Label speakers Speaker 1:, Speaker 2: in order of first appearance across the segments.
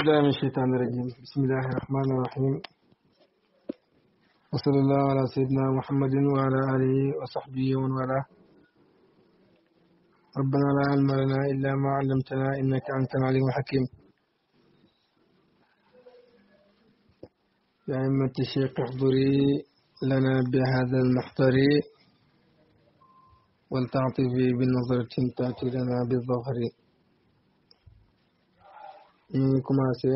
Speaker 1: بالله من الشيطان الرجيم بسم الله الرحمن الرحيم وصلى الله على سيدنا محمد وعلى آله وصحبه ومن والاه ربنا لا علم لنا إلا ما علمتنا إنك أنت العليم الحكيم يا أمة الشيخ احضري لنا بهذا المحضر ولتعطفي بالنظرة تأتي لنا بالظهر ñu commencé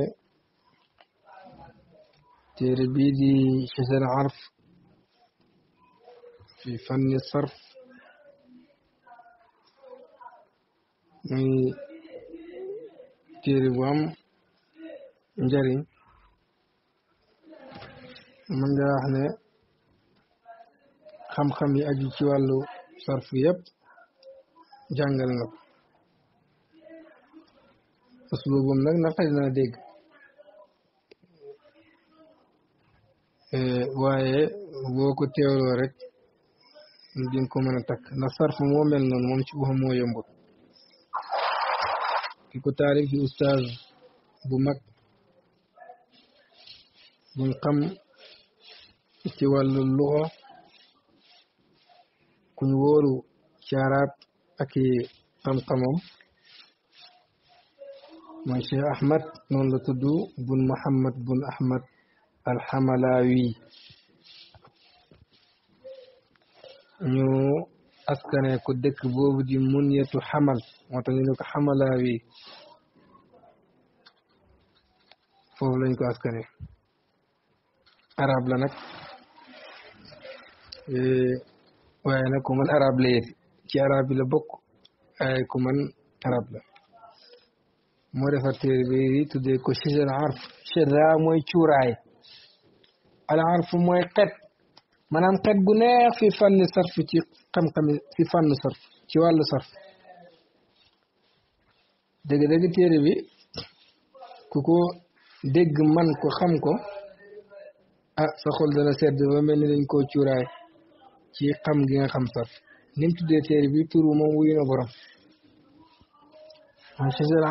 Speaker 1: téere bii di xisal arf fi fanni sarf muy téere bu am njariñ mën nga wax ne xam-xam yi aju ci wàllu sarf yëpp jàngal na ko uslubam nag naqari naa dégg euh, waaye boo ko teewloo rek di nga ko mën a takk ndax sarf moo mel noonu moom ci boppam moo yombut di ko taarif yi ustaaz bu mag buñ xam ci wàllu luxo kuñ wóoru ci arab ak mooy Cheikh Ahmad noonu la tudd bun Muhammad bun Ahmad alxamalaawi ñu askane ko dëkk boobu di munyatu xamal moo tax ñu ne ko xamalaawi foofu lañ ko askane arab la nag waaye nag ku man arab la yëg ci arab yi la bokk waaye ku man arab la moo defar téere bi tuddee ko chizal arf chira mooy cuuraay al arf mooy xet maanaam xet gu neex fi fànni sarf ci xam sarf ci wàllu sarf dëgg-dëgg bi ku ko dégg man ko xam ko ah sa xol dana sedd ba mel ni dañ koo cuuraay ci xam gi nga xam sarf ni mu tuddee téere turu moom wuyu na borom mooy chizal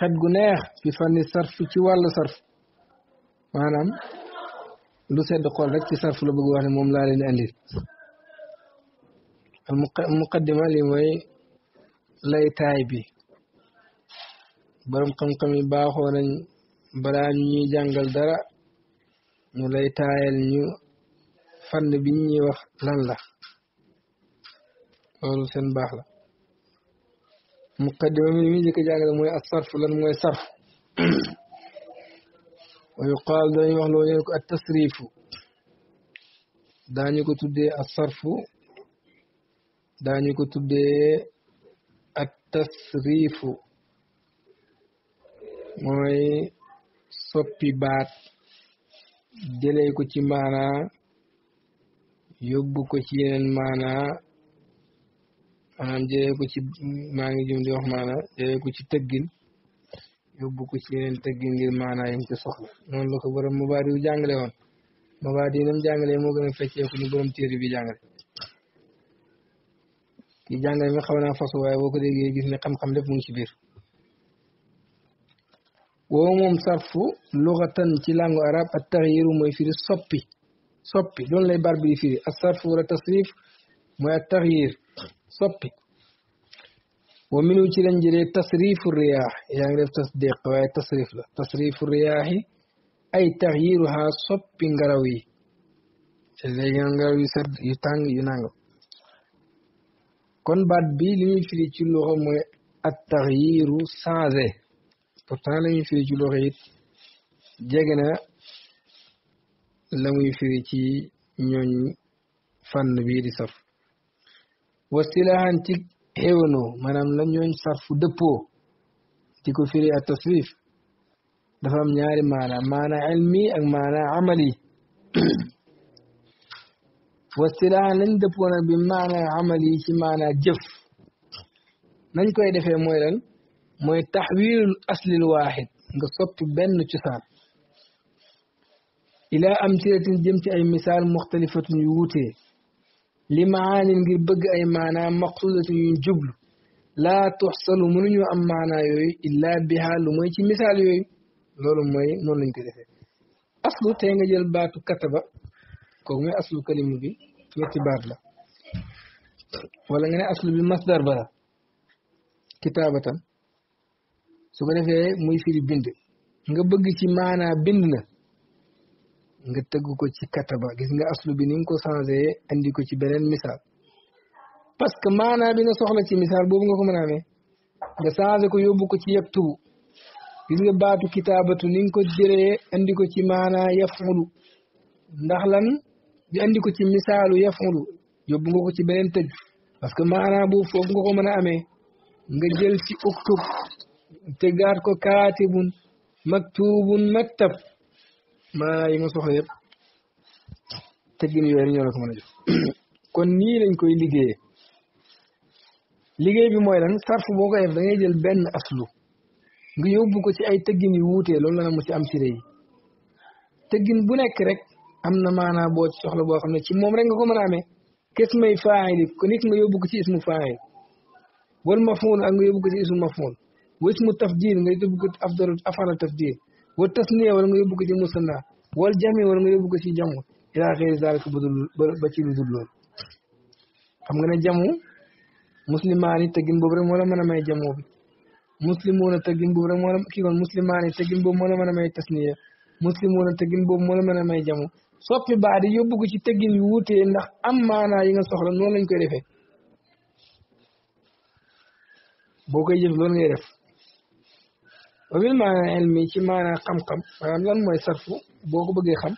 Speaker 1: xet gu neex fi fanni sarf ci wàllu sarf maanaam lu sedd xool rek ci sarf la bëgg wax ne moom laa leen indi al muqaddima li mooy laytaay bi borom xam-xam yi baaxoo nañ balaa ñuy jàngal dara ñu lay taayal ñu fànn bi ñuy wax lan la loolu seen baax la مقدمة من ميزك جانا لما الصرف لن مو يصرف ويقال داني وحلو ينك التصريف داني كتب دي الصرف داني كتب دي التصريف موي صبي بات دليكو تي مانا يبكو تي مانا maanaam jëlee ko ci maa ngi jëm di wax maana jëlee ko ci tëggin yóbbu ko ci yeneen tëggin ngir maanaa yim ci soxla moo gën a feccee ko ni borom téere bi jàngale ki jàngale mi xaw naa fasu waaye boo ko déggee gis ne xam-xam lépp mu ci biir woo moom sarfu luxatan ci langue arab ak taxyiru mooy firi soppi soppi loolu lay bar bi firi ak sarfu wala tasrif mooy ak taxyir soppi wa minu ci lañ jëlee tasrifu riyaax yaa ngi def tasdiq waaye tasrif la tasrifu riyaaxi ay taxyiruha soppi ngaraw yi te léegi ngaraw yu sedd yu tàng yu nangam kon baat bi li ñuy firi ci loxo mooy at taxyiru changé pourtant la ñuy firi ci loxo it jege na la muy firi ci ñooñ fànn di saf واستلاهن تيك هيونو مانام لا نيون صرفو ديبو تيكو فيري التصريف دا فام نياري مانا مانا علمي اك مانا عملي واستلاهن لن ديبو نا بمانا عملي شي مانا جف نانكوي ديفه موي لان موي تحويل الاصل الواحد nga soppi benn cosaan ila amtilatin jëm ci ay misaal muxtalifatun li maanin ngir bëgg ay maanaa maqsudatu ñuy jublu laa tuxsalu mënuñu am maanaa yooyu illaa biha lu mooy ci misaal yooyu loolu mooy noonu lañ ko defee aslu tey nga jël baatu kataba kooku mooy aslu kalima bi ñetti baat la wala nga ne aslu bi masdar ba la kitaabatam su ko defee muy firi bind nga bëgg ci maanaa bind na nga tëgg ko ci kataba gis nga aslu bi ni nga ko changé andi ko ci beneen misaal parce que maanaa bi soxla ci misaal boobu nga ko mën a amee nga changé ko yóbbu ko ci yaktubu gis nga baatu kitaabatu ni nga ko jëlee andi ko ci maanaa yafulu ndax lan di andi ko ci misaalu yafulu yóbbu nga ko ci beneen tëgg parce que maanaa boobu foofu nga ko mën a amee nga jël ci uktub ko gaat ko kaatibun maktubun maktab maa yi nga soxla yëpp teggin yooyu ñoo la ko mën a jox kon nii lañ koy liggéeyee liggéey bi mooy lan sarf boo koy def da ngay jël benn aslu nga yóbbu ko ci ay teggin yu wuutee loolu la na mu ci am siré yi teggin bu nekk rek am na maanaa boo ci soxla boo xam ne ci moom rek nga ko mën a amee kes may faayil ko nit nga yóbbu ko ci ismu faayil wal mafuun ak nga yóbbu ko ci ismu mafuun wa ismu tafdil nga yóbbu ko afdalu afala tafdil wa tasniya wala nga yóbbu ko ci musanna wal jami wala nga yóbbu ko ci jamu ilaa xëy zaalika ba dul ba ci lu dul loolu xam nga ne jamu muslimaani teggin boobu rek moo la mën a may jamoo bi na teggin boobu rek moo la kii kon muslimaani teggin boobu moo la mën a may tasniya muslimoona teggin boobu moo la mën a may jamu soppi baadi yóbbu ko ci teggin yu wuutee ndax am maanaa yi nga soxla noonu lañ koy defee boo koy jëf loolu wa bil maana ilmi ci maana xam-xam maanaam lan mooy sarfu boo ko bëggee xam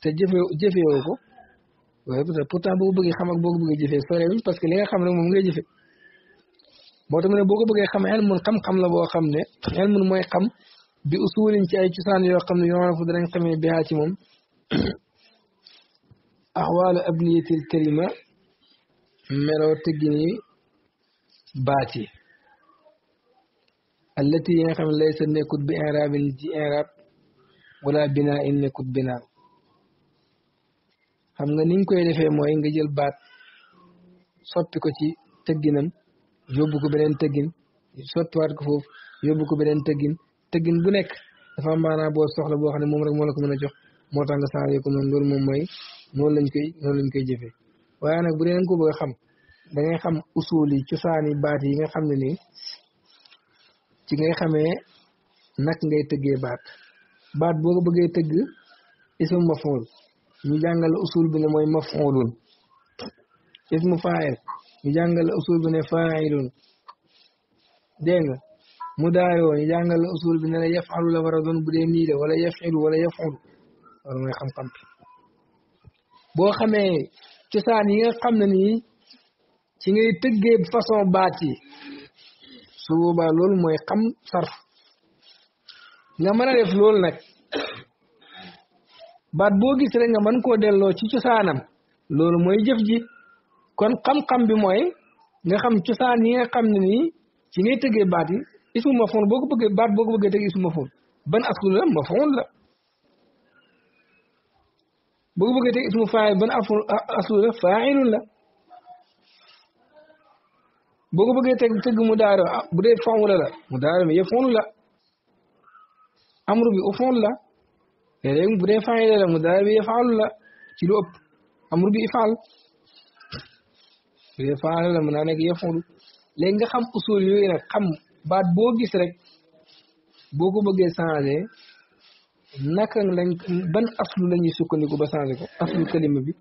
Speaker 1: te jëfe jëfewoo ko waaye pourtant boo ko bëggee xam ak boo ko bëggee jëfee sorewuñ parce que li nga xam rek moom ngay jëfe moo tax mu ne boo ko bëggee xam ilmun xam-xam la boo xam ne ilmun mooy xam bi usulin ci ay cosaan yoo xam ne yoona fu danañ xamee bihaa ci moom axwaalu abniyatil karima meloo tëggini baat yi allati yi nga xam ne lay sa nekkut bi inrabin ci inrab wala bina in nekkut binaa xam nga niñ koy defee mooy nga jël baat soppi ko ci tëgginam yóbbu ko beneen tëggin soppiwaat ko foofu yóbbu ko beneen tëggin tëggin bu nekk dafa am maanaam boo soxla boo xam ne moom rek moo la ko mën a jox moo tax nga changé ko noonu loolu moom mooy noonu lañ koy noonu lañ koy jëfee waaye nag bu dee nga ko bëgg xam da ngay xam usul yi cosaan yi baat yi nga xam ne nii ci ngay xamee nak ngay tëgge baat baat boo ko bëggee tëgg ismu mafool ñu jàngal usul bi ne mooy mafoolun ismu faayil ñu jàngal usul bi ne faayilun dégg nga mu daayoo ñu jàngal usul bi ne la yafalu la war doon bu dee nii la wala yafilu wala yafalu loolu mooy xam-xam boo xamee cosaan yi nga xam ne nii ci ngay tëggee façon baat yi su loolu mooy xam sarf nga mën a def loolu nag baat boo gis rek nga man koo delloo ci cosaanam loolu mooy jëf ji kon xam-xam bi mooy nga xam cosaan yi nga xam ne nii ci ngay tëggee baat yi ismu mafoon boo ko bëggee baat boo ko bëggee tëggee ismu mafoon ban askul la mafoon la boo ko bëggee tëggee ismu faayil ban askul la faayilun la boo ko bëggee teg tëgg mu daaro ah, bu dee formule la mu daaro mi yëpp fonu la amru bi au fond la bu dee faayil la mu daaro bi yafaalu la ci lu ëpp amru bi ifaal bu dee faayil la mu naa nekk yafalu léegi nga xam usul yooyu nag xam baat boo gis rek boo ko bëggee changé naka lañ ban aslu la ñuy sukkandiku ba changé ko aslu kalima bi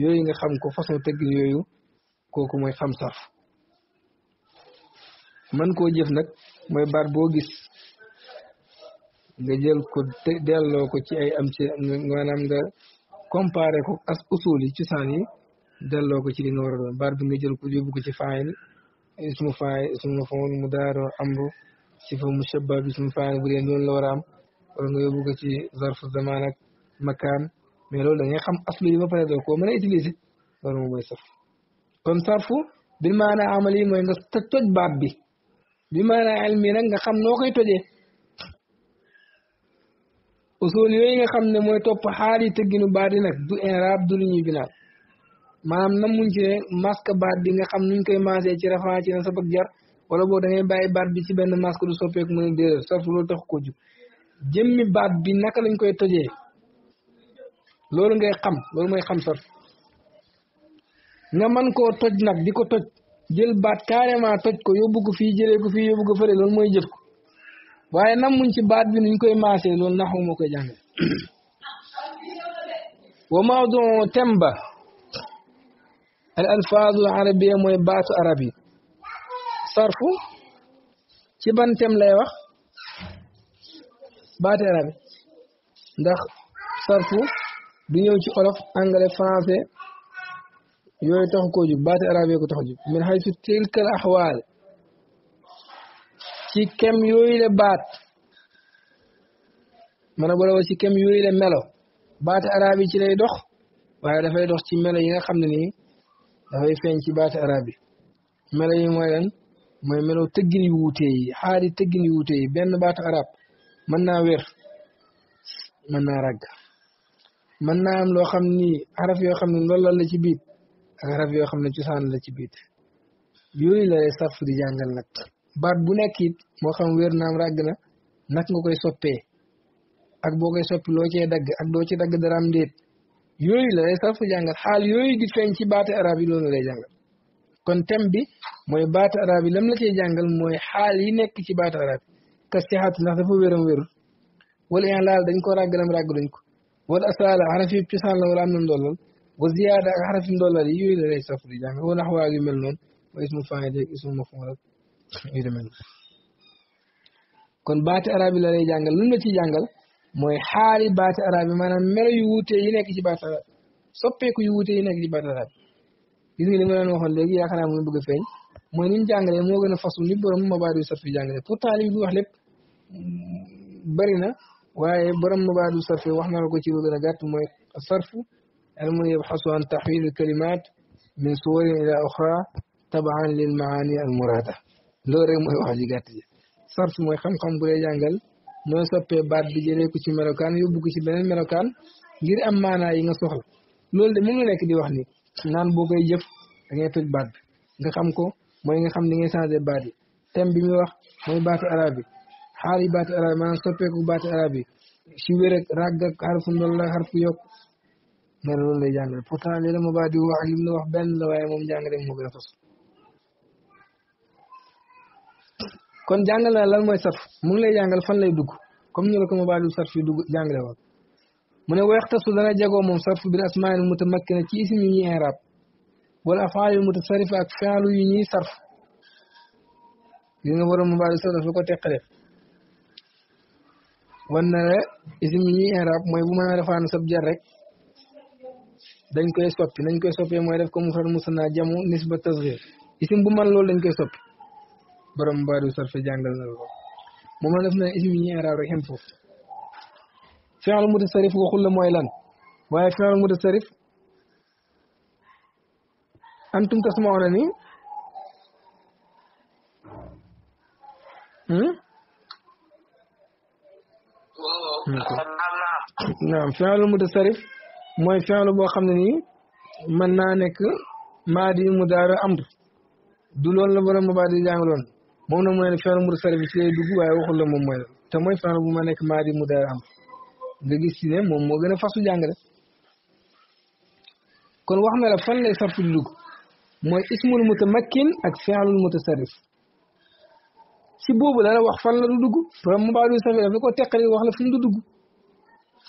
Speaker 1: yooyu nga xam ko façon tëgg yooyu kooku mooy xam sarf man ko jëf nag mooy baat boo gis nga jël ko delloo ko ci ay am ci maanaam nga comparer ko as usul yi cosaan yi delloo ko ci li nga war a doon baat bi nga jël ko yóbbu ko ci faayil mu faayil ismu mafuul mudaari amru mu mushabba bi ismu faayil bu dee la war a am wala nga yóbbu ko ci zarfu zamaan ak makaan mais loolu da ngay xam aslu yi ba pare doo ko mën a utiliser loolu moom mooy kon sarfu bi amali mooy nga toj baat bi bi maanaa elmi nag nga xam noo koy tojee usul yooyu nga xam ne mooy topp xaar yi tëgginu baat yi nag du inraab du lu ñuy binaat maanaam na muñ ci ne masque baat bi nga xam nuñ koy maasee ci rafaa ci na sabak jar wala boo da bàyyi baat bi ci benn masque du soppeeku mu ne déedéet sart loolu tax ko jëmmi baat bi naka lañ koy tojee loolu ngay xam loolu mooy xam sart nga mën koo toj nag di ko toj jël baat carrément toj ko yóbbu ko fii jëlee ko fi yóbbu ko fële loolu mooy jëf ko waaye nam muñ ci baat bi nuñ koy maasee loolu naxu moo koy jàngal wa mawdu temba al alfaadul arabiya mooy baatu arab yi sarfu ci ban tem lay wax baati arab ndax sarfu du ñëw ci olof anglais français يوي تخكو جي بات عربي كو تخجي من حيث تلك الاحوال تي كم يوي بات من بولا وسي كم يوي ملو بات عربي تي لاي دوخ واي دا فاي دوخ تي ملو ييغا خامني دا فاي فين تي بات عربي ملو يي موي لان موي ملو تگيني ووتي حالي تگيني ووتي بن بات عرب من نا وير من نا رغ من نا ام لو خامني عرف يو خامني لول لا سي بيت ak rab yoo xam ne cosaan la ci biit yooyu la saf di jàngal nag baat bu nekk it moo xam wér naam ràgg na nak nga koy soppee ak boo koy soppi loo cee dagg ak doo ci dagg daraam ndéet yooyu la lay sarfu jàngal xaal yooyu di feeñ ci baat arab yi loolu lay jàngal kon thème bi mooy baat arab yi lam la cee jàngal mooy xaal yi nekk ci baat arab yi kas ci xaat ndax dafa wéram wérul wala in laal dañ ko ragg ràggalam ràgg duñ ko wala asaala xaraf yi cosaan la wa ziyaada ak xaraf ndollal yi yooyu la lay saf di jàng wala xawaar yu mel noonu mooy ismu faa'il ak ismu maf'uul ak kon baati arab yi la lay jàngal lu la ci jàngal mooy xaali baati arab yi maanaam melo yu wuute yi nekk ci baati arab soppeeku yu wuute yi nekk ci baati arab gis nga li ma leen waxoon léegi yaakaar naa mu bëgg a feeñ mooy ni mu jàngalee moo gën a fasul ni borom mabaadu sarfi jàngalee pourtant li mu wax lépp bari na waaye borom mabaadu sarfi wax na la ko ci lu mooy علم يبحث عن تحويل الكلمات من صور إلى أخرى تبعا للمعاني المرادة لو ريم هو حاجاتي صرف موي خم خم بولي جانغال موي سوبي بات بي جيلي كو سي مروكان يوبو كو سي بنين مروكان غير ام مانا ييغا سوخلا لول دي مومو نيك دي واخني نان بوغي ييف دا ngay تج بات غا خم كو موي غا خم دي ngay changer بات دي تيم بي مي واخ موي بات عربي حالي بات عربي مان سوبي كو بات عربي شي ويرك راغ كارف ندول حرف يوك nee na lay jàngale pourtant li la wax mu la wax benn la waaye moom jàngale moo gën a tos kon jàngal na lan mooy sarf mu ngi lay jàngal fan lay dugg comme ni la ko Mabadiou sarf yi dugg jàngale woon mu ne waxtasu dana jagoo moom sarf bi asmaani mutamakkina ci isim yu ñuy inraab wala afaal yu mutasarrifa ak faalu yu ñuy sarf li nga waroon Mabadiou sarf dafa ko teqale wan na la isim yu ñuy inraab mooy bu ma a refaanu sab jar rek. dañ koy soppi nañ koy soppee mooy def ko mu xar musana jamu nisba tasghir isim bu man loolu lañ koy soppi borom mbaadu sarfe jàngal na ko moom ma def na isim yi ñu araab rek xem foofu fi'al mutasarrif waxul la mooy lan waaye fi'al mutasarrif antum wana ni Nah, hmm? hmm. فعل mutasarrif moy fi'lu bo xam ni man na nek madi mudara amr du lol la borom ba di jàngaloon moom na mo len fi'lu mursal bi ci lay dugg way waxul la mom moy te moy fi'lu bu ma nek madi mudara amr nga gis ci ne mom mo gëna a fasu jàngale kon wax na la fan lay sarfu di dugg mooy ismul mutamakkin ak fi'lul mutasarrif ci bobu la wax fan la du dugg borom ba di sarfi daf ko tekkali wax la fu du dugg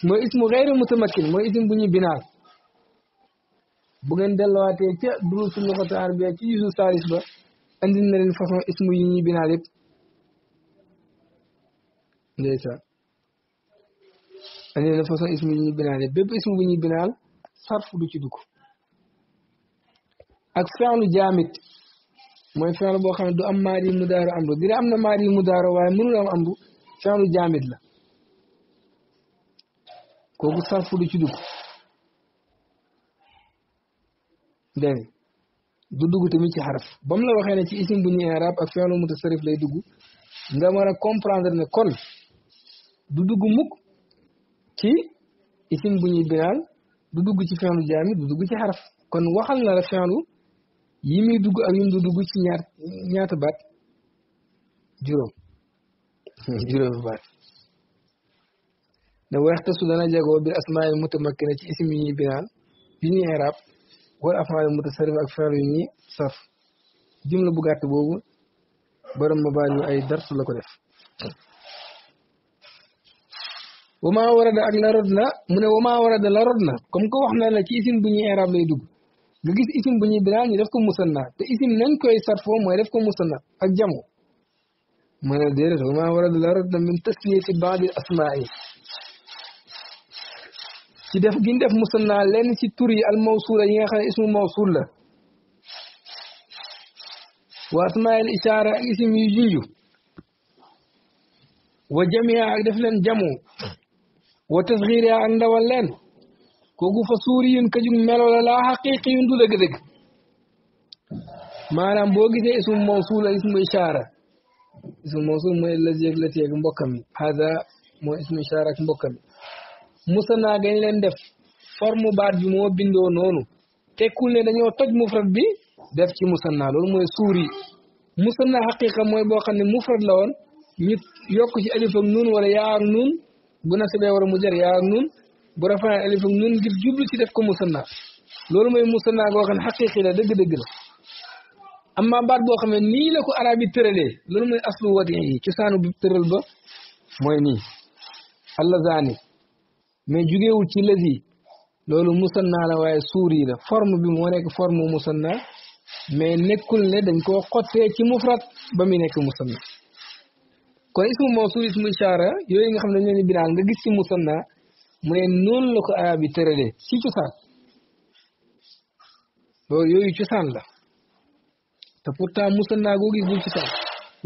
Speaker 1: mooy ismu xeyru mutamakkin mooy ism bu ñuy binaar bu ngeen delluwaatee ca duruusu luxati ci juzu saalis ba andi na façon ismu yi ñuy binaar yëpp ndeysaan façon ismu yi ñuy binaar yëpp bépp ismu bu ñuy binaar sarf du ci dugg ak fi'lu jaamit mooy fi'lu boo xam ne du am maari mudaaru amru dina am na maari mudaaru waaye mënul am amru fi'lu jaamit la kooku sàpp du ci dugg dégg du dugg tamit ci xaraf ba la waxee ne ci isim bu ñuy arab ak fi'lu mutasarrif lay dugg nga mën a comprendre ne kon du dugg mukk ci isim bu ñuy binaal du dugg ci fi'lu jaami du dugg ci xaraf kon waxal na la fi'lu yi muy dugg ak yim du dugg ci ñaar ñaata baat juróom juróomi baat da waxtasu dana jagoo bil asmail mutamakkina ci isim yi ñuy binaal yi ñuy irab wala afaal mutasarrif ak faal yi ñuy sarf jumla bu gàtt boobu borom ma baal ñu ay darsu la ko def wamaa warada ak la rod na mu ne wamaa warada la rod na comme que wax na la ci isim bu ñuy irab lay dugg nga gis isim bu ñuy binaal ñu def ko musanna te isim nañ koy sarfoo mooy def ko musanna ak jamo mu ne déedéet warada la rod min tasliyati baadi asmaa yi ci def giñ def musanna lenn ci tur yi al mawsuula yi nga xam ne ismu mawsul la wa asmail ishaara ak isim yu junju wa jamia ak def leen jamu wa tasxiiriya ak ndawal leen kooku fa suuri yun ka jug melo la laa xaqiqi yun du dëgg-dëgg maanaam boo gisee ismu mawsuul ak ismu ishaara ismu mawsul mooy lazi ak lati ak mbokkam yi hada mooy ismu ishaara ak mbokkam yi musanna gañ leen def forme baat bi moo bindoo noonu tekkul ne dañoo toj mufrad bi def ci musanna loolu mooy suuri musanna xaqiqa mooy boo xam ne mufrad la woon ñu yokk ci alif ak nun wala yaa ak nun bu na war a mujar yaa ak nun bu rafaa alif ak nun ngir ci def ko musanna loolu mooy musanna goo xam ne xaqiqi la dëgg-dëgg la amma baat boo xam ne nii la ko arab yi tëralee loolu mooy aslu wadi yi cosaanu bi tëral ba mooy nii allazaani mais jugeewul ci lazi loolu musanna la waaye suuri la form bi moo nekk forme musanna mais nekkul ne dañ koo xottee ci mufrat ba mu nekk musanna kon ismu mawsul ismu ishaara yooyu nga xam ne ñoo ni binaal nga gis ci musanna mu ne noonu la ko arab yi tëralee ci cosaan loolu yooyu cosaan la te pourtant musanna goo gis du cosaan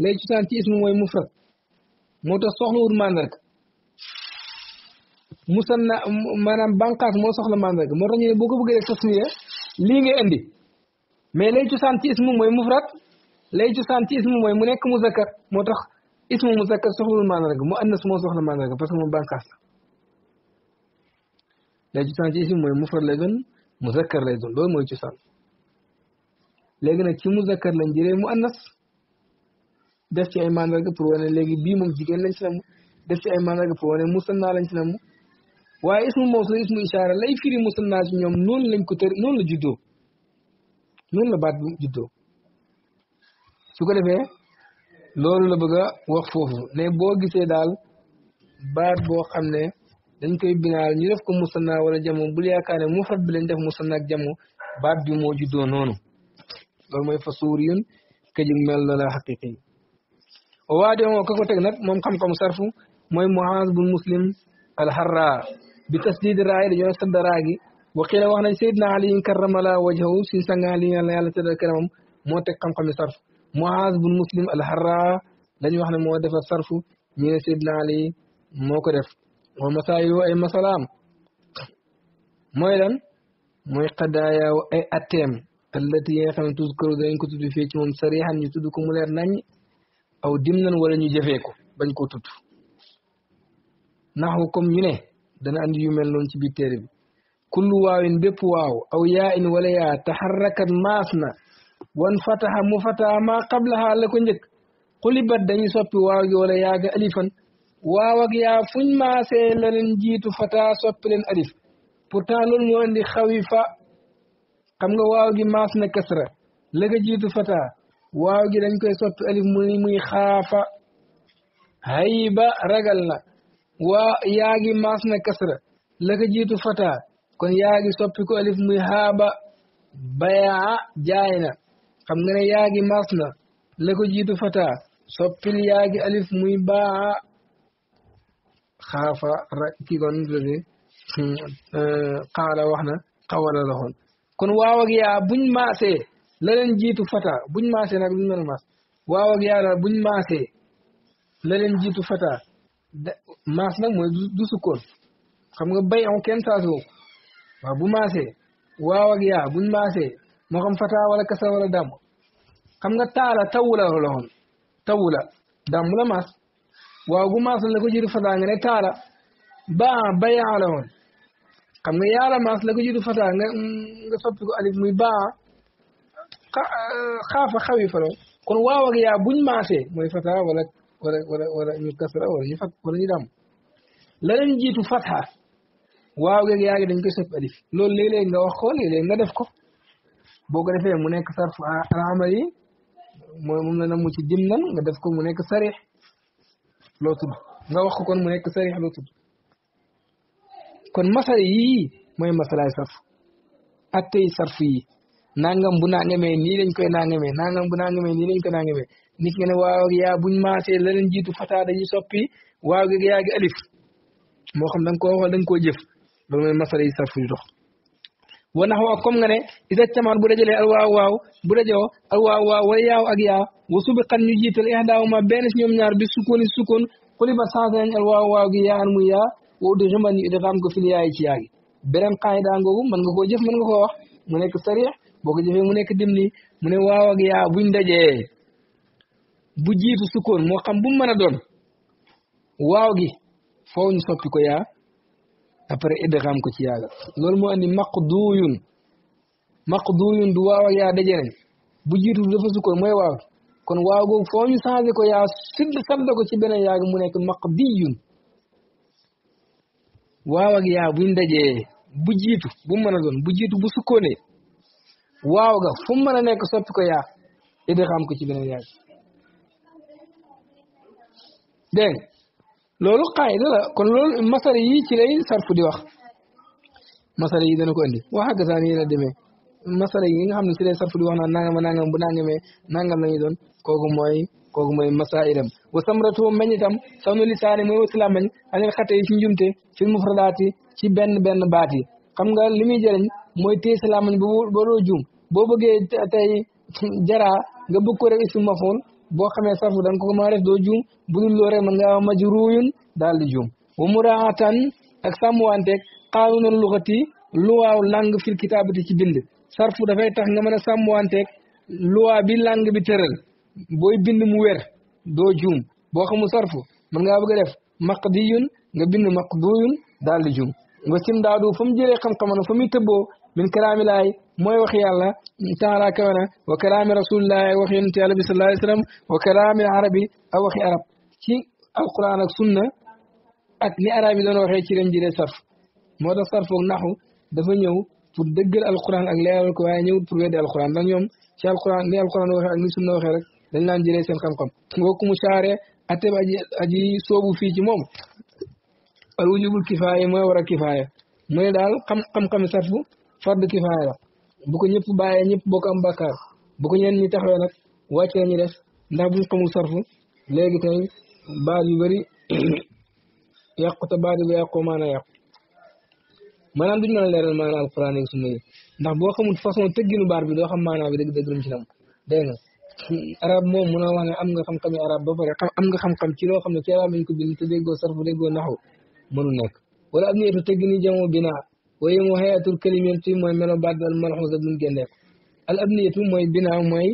Speaker 1: lay cosaan ci ismu mooy mufrat moo tax soxlawul màndarga musanna maanaam banqaas moo soxla mandarga moo tax ñu ne boo ko bëggee def tasniya lii indi mais lay cosaan ci ismu mooy mufrad lay cosaan ci ismu mooy mu nekk muzakkar moo tax ismu muzakkar soxlawul mandarga mu annas moo soxla mandarga parce que moom banqaas la lay cosaan ci ismu mooy mufrad lay doon muzakkar lay doon mooy cosaan léegi nag ci muzakkar lañ jëlee mu annas def ci ay mandarga pour wane léegi bii moom jigéen lañ ci namu def ci ay mandarga pour wane musanna lañ ci namu waaye ismu mawsul ismu ishaara lay firi musanna ci ñoom noonu lañ ko tër noonu la juddoo noonu la baat bi juddoo ko defee loolu la bëgg a wax foofu ne boo gisee daal baat boo xam ne dañ koy binaal ñu def ko musanna wala jamo bul yaakaar ne mufrad bi lañ def musanna ak jamo baat bi moo juddoo noonu loolu mooy fa suur yun këjug mel loola xaqiqi waaw waaw de ka ko teg nag moom xam-xam sarfu mooy muaz bu muslim alxarraa بتسديد الرأي لجنة الدراجي وقيل وانا سيدنا علي كرم الله وجهه سنسان علي الليالة الكرم موتك قم قم صرف معاذ بن مسلم الحراء لن يوحنا موادف الصرف من سيدنا علي موكرف أي وإما سلام مويلن موي قدايا وإي أتيم التي يخلن تذكر ذلك كتب فيك من صريحا يتدكم لير ناني أو دمنا ولن يجفيكو بان كتب نحوكم ينه dana andi yu mel ci biir téere bi kullu waawin bépp waaw aw yaa in wala yaa taxarrakat maas wan fataha mu fataha maa qablaha la ko njëkk xulibat dañu soppi waaw gi wala yaa alifan waaw yaa fuñ maasee la leen jiitu fata soppi leen alif pourtant loolu moo indi xawifa xam nga waaw gi maas kasra la ko jiitu fata waaw gi koy soppi alif muy muy xaafa hayba ragal na waa yaa gi maas na kasra la jiitu fata kon yaa gi soppi ko alif muy haaba bayaa jaay na nga ne yaa gi maas na la ko jiitu fata soppil yaa gi muy baa xaafa ra kii kon lade hmm, euh, xaala wax na xawala la xoon kon waaw ak yaa buñ maasee la leen jiitu fata buñ maasee nag duñ mën a maas yaa la buñ maasee la leen jiitu maas nag mooy du sukkoon xam nga bay on kenn saasoo waaw bu maasee waaw ak yaa buñ maasee moo xam fataa wala kasa wala dàmm xam nga taala tawu la la woon tawu la dàmm la maas waaw bu maasoon la ko jiitu fataa nga ne taala baa bayaa la woon xam nga yaa la maas la ko jiitu fataa nga nga soppi ko alif muy baa xaafa xawi fa la kon waaw ak yaa buñ maasee mooy fataa wala wala wala wala ñu kasra wala ñu fat wala ñu damm la leen jiitu fatha waaw geeg yaa ngi dañ koy alif loolu léeg-léeg nga wax ko léeg nga def ko boo ko defee mu nekk sarf a yi mooy moom la na mu ci dimnan nga def ko mu nekk sarix loo tudd nga wax ko kon mu nekk sarix loo tudd kon masal yii mooy masalaay sarf attey sarf yi nangam bu nangamee nii lañ koy nangamee nangam bu nangamee nii lañ koy nangamee nit ki ne waaw ak yaa buñ maasee la leen jiitu fataa dañuy soppi waaw gi yaa gi alif moo xam da nga koo wax da nga koo jëf loolu mooy masala yi sarfu di dox wa nax waa nga ne isa camaan bu dajalee al waaw waaw bu dajoo al waaw waaw wala yaaw ak yaa wa subi xan ñu jiital ixdaawuma benn si ñoom ñaar bi sukkooni sukkoon xuli ba changé nañ al waaw waaw gi yaan muy yaa wa uddi ko fil ci yaa gi beneen xaayida googu mën nga koo jëf mën nga koo wax mu nekk sarix boo ko jëfee mu nekk dimni mu ne waaw ak buñ dajee bu jiitu sukkoon moo xam bu mën a doon waaw gi foofu ñu soppi ko yaa après idgham ko ci yaaga loolu moo andi maqduyun maqduyun du waaw ak yaa daje nañ bu jiitu dafa sukkoon mooy waaw kon waaw googu foo ñu changé ko yaa sidd sadda ko ci beneen yaaga mu nekk maqdiyun waaw ak yaa buñ dajee bu jiitu bu mën a doon bu jiitu bu sukkoonee waaw ga fu mën a nekk soppi ko yaa idgham ko ci beneen yaaga dégg loolu qaayida la kon loolu masala yi ci lay sarfu di wax masala yi dana ko indi wax ak saa nii la demee masala yi nga xam ne ci lay sarfu di wax naan nangam nangam bu nangamee nangam la ñuy doon kooku mooy kooku mooy masailam wa samratu meñ itam sawnu lisaani mooy wasila meñ anil xate yi ci njumte fi mufradaati ci benn benn baat yi xam nga li muy jëriñ mooy téye sa làmmiñ ba doo juum boo bëggee tey jaraa nga bëgg ko rek ismu mafoon boo xamee sarfu da nga ko mën a def doo juum bu dul loore mën ngaa majruuyun daal di juum wa muraatan ak sàmmwanteeg xaanuna luxati luwaaw lang fil kitaabati ci bind sarfu dafay tax nga mën a sàmmwanteeg luwaa bi lang bi tëral booy bind mu wér doo juum boo xamul sarfu mën ngaa bëgg def def maqdiyun nga bind maqduyun dal di juum nga sim daadu fa mu jëlee xam-xam na fa muy min kalaami laay mooy wax yàlla taala kawe na wa kalaami rasulillahi wax yonente yàlla bi sallallahu alayhi wasallam wa kalaami arabi ak waxi arab ci alquran ak sunna ak ni arab yi doon waxee ci ren jëlee sarf moo tax sarf ak naxu dafa ñëw pour dëggal alquran ak leeral ko waaye ñëwul pour weddi alquran ndax ñoom ci alquran ni alquran waxee ak ni sunna waxee rek dañ naan jëlee seen xam-xam wokku mu saare ateb aji aji soobu fii ci moom al wujubul kifaaya mooy war a kifaaya mu ne daal xam xam-xam sarfu fardu kifaya la bu ko ñepp baye ñepp bokk am bakkar bu ko ñen ñi taxawee nak wacce ñu def ndax ko mu sarfu léegi tay baal yu bari yàqu te baat yu yàqoo mana yàqu manam duñu la leral manam alquran yi sunna ndax bo xamul façon bi do xam manam bi deug deug lu ci nam arab mom mu na wax am nga xam-xami arab ba xam am nga xam-xam ci lo ci arab ko bind te deggo sarfu deggo naxu mënu nek wala am ñeetu jamo bina waaye mu hayatul kalimatu mooy melo baat bi al malxuusa buñ génnee ko al abniyatu mooy binaa mooy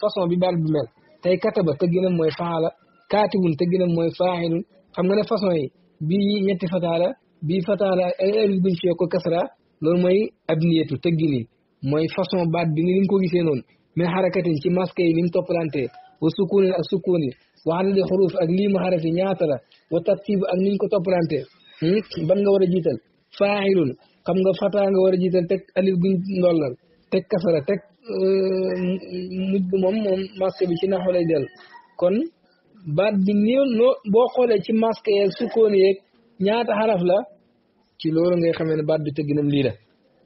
Speaker 1: façon bi baat bi mel tey kataba tëgginam mooy faala kaatibun tëgginam mooy faaxilun xam nga ne façon yi bii ñetti fataala bii fataala ay alif buñ ci ko kasra loolu mooy abniyatu tëgginin mooy façon baat bi ni nga ko gisee noonu min xarakatin ci masque yi ni mu toppalantee wa sukuunin ak sukuuni wa adadi xuruuf ak liimu xaraf yi ñaata la wa tartiib ak ni ñu ko toppalantee hmm? ban nga war a jiital faaxilun xam nga fataa nga war a jiital teg alif guñ ndollal teg kasara teg euh, mujj gu moom moom bi ci naxu lay del kon baat bi nii boo xoolee ci masque yeeg sukkoon yeeg ñaata xaraf la ci loolu ngay xamee ne baat bi tëgginam lii la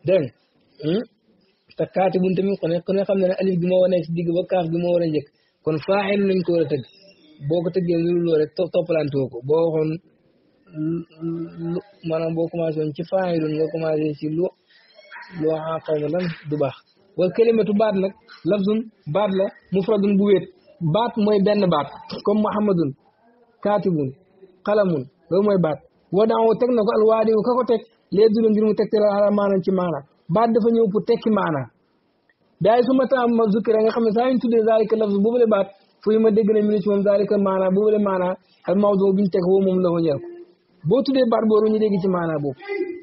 Speaker 1: dégg nga hmm? te kaati bun tamit ku ne ku ne xam ne ne alif gi moo war a nekk si digg ba moo war kon faaxilun lañ ko war a tëgg boo ko tëggee lu loolu rek toppalante ko boo maanaam boo commencé woon ci faayilun nga commencé ci lu loo xaqal na lan du baax wal kalimatu baat nag lafzun baat la mufradun bu wéet baat mooy benn baat comme muhammadun kaatibun qalamun loolu mooy baat wadaaw teg na ko alwaadi ka ko teg lee dulu ngir mu tegtela a maanaam ci maana baat dafa ñëw pour tekki maana daay su ma taam ma zukkira nga xam ne saa ñu tuddee zaalika lafz boobule baat fu ma dégg na mi ci moom zaalika maana boobule maana al mawdu biñ moom la ko ñeel boo tuddee baat boobu ñu dégg ci maanaa boobu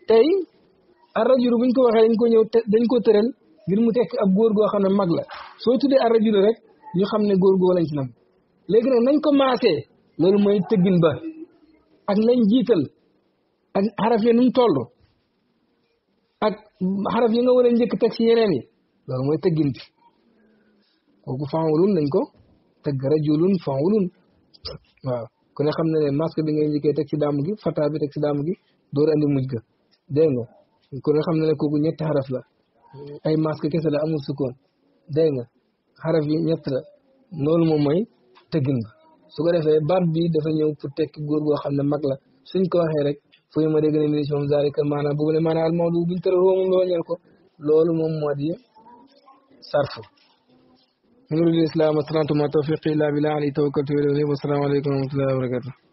Speaker 1: tey arrajulu buñ ko waxee dañ ko ñëw dañ ko tëral ngir mu tekk ab góor goo xam ne mag la soo tuddee arrajulu rek ñu xam ne góor goo lañ ci nam léegi nag nañ ko maasee loolu mooy tëggin ba ak nañ jiital ak xaraf ya nu toll ak xaraf yi nga war a njëkk teg si yeneen yi loolu mooy tëggin bi kooku fa'ulun lañ ko tëgg rajulun fa'ulun waaw ku ne xam na ne masque bi ngay njëkkee teg ci daamu gi fata bi teg ci daamu gi door andi mujj ga dégg nga ku ne xam na ne kooku ñetti xaraf la ay masque kese la amul sukkoon dégg nga xaraf yi ñett la loolu moom mooy tëggin ba su ko defee baat bi dafa ñëw pour tekki góor goo xam ne mag la suñ ko waxee rek fu ñu ma dégg ne ministre moom zalika maanaam bu ne maanaam al mawdu buñ tëral moom la wàññeel ko loolu moom moo di sarfu نور الإسلام أسلمت ما توفيق إلا بالله عليه توكلت والسلام عليكم ورحمة الله وبركاته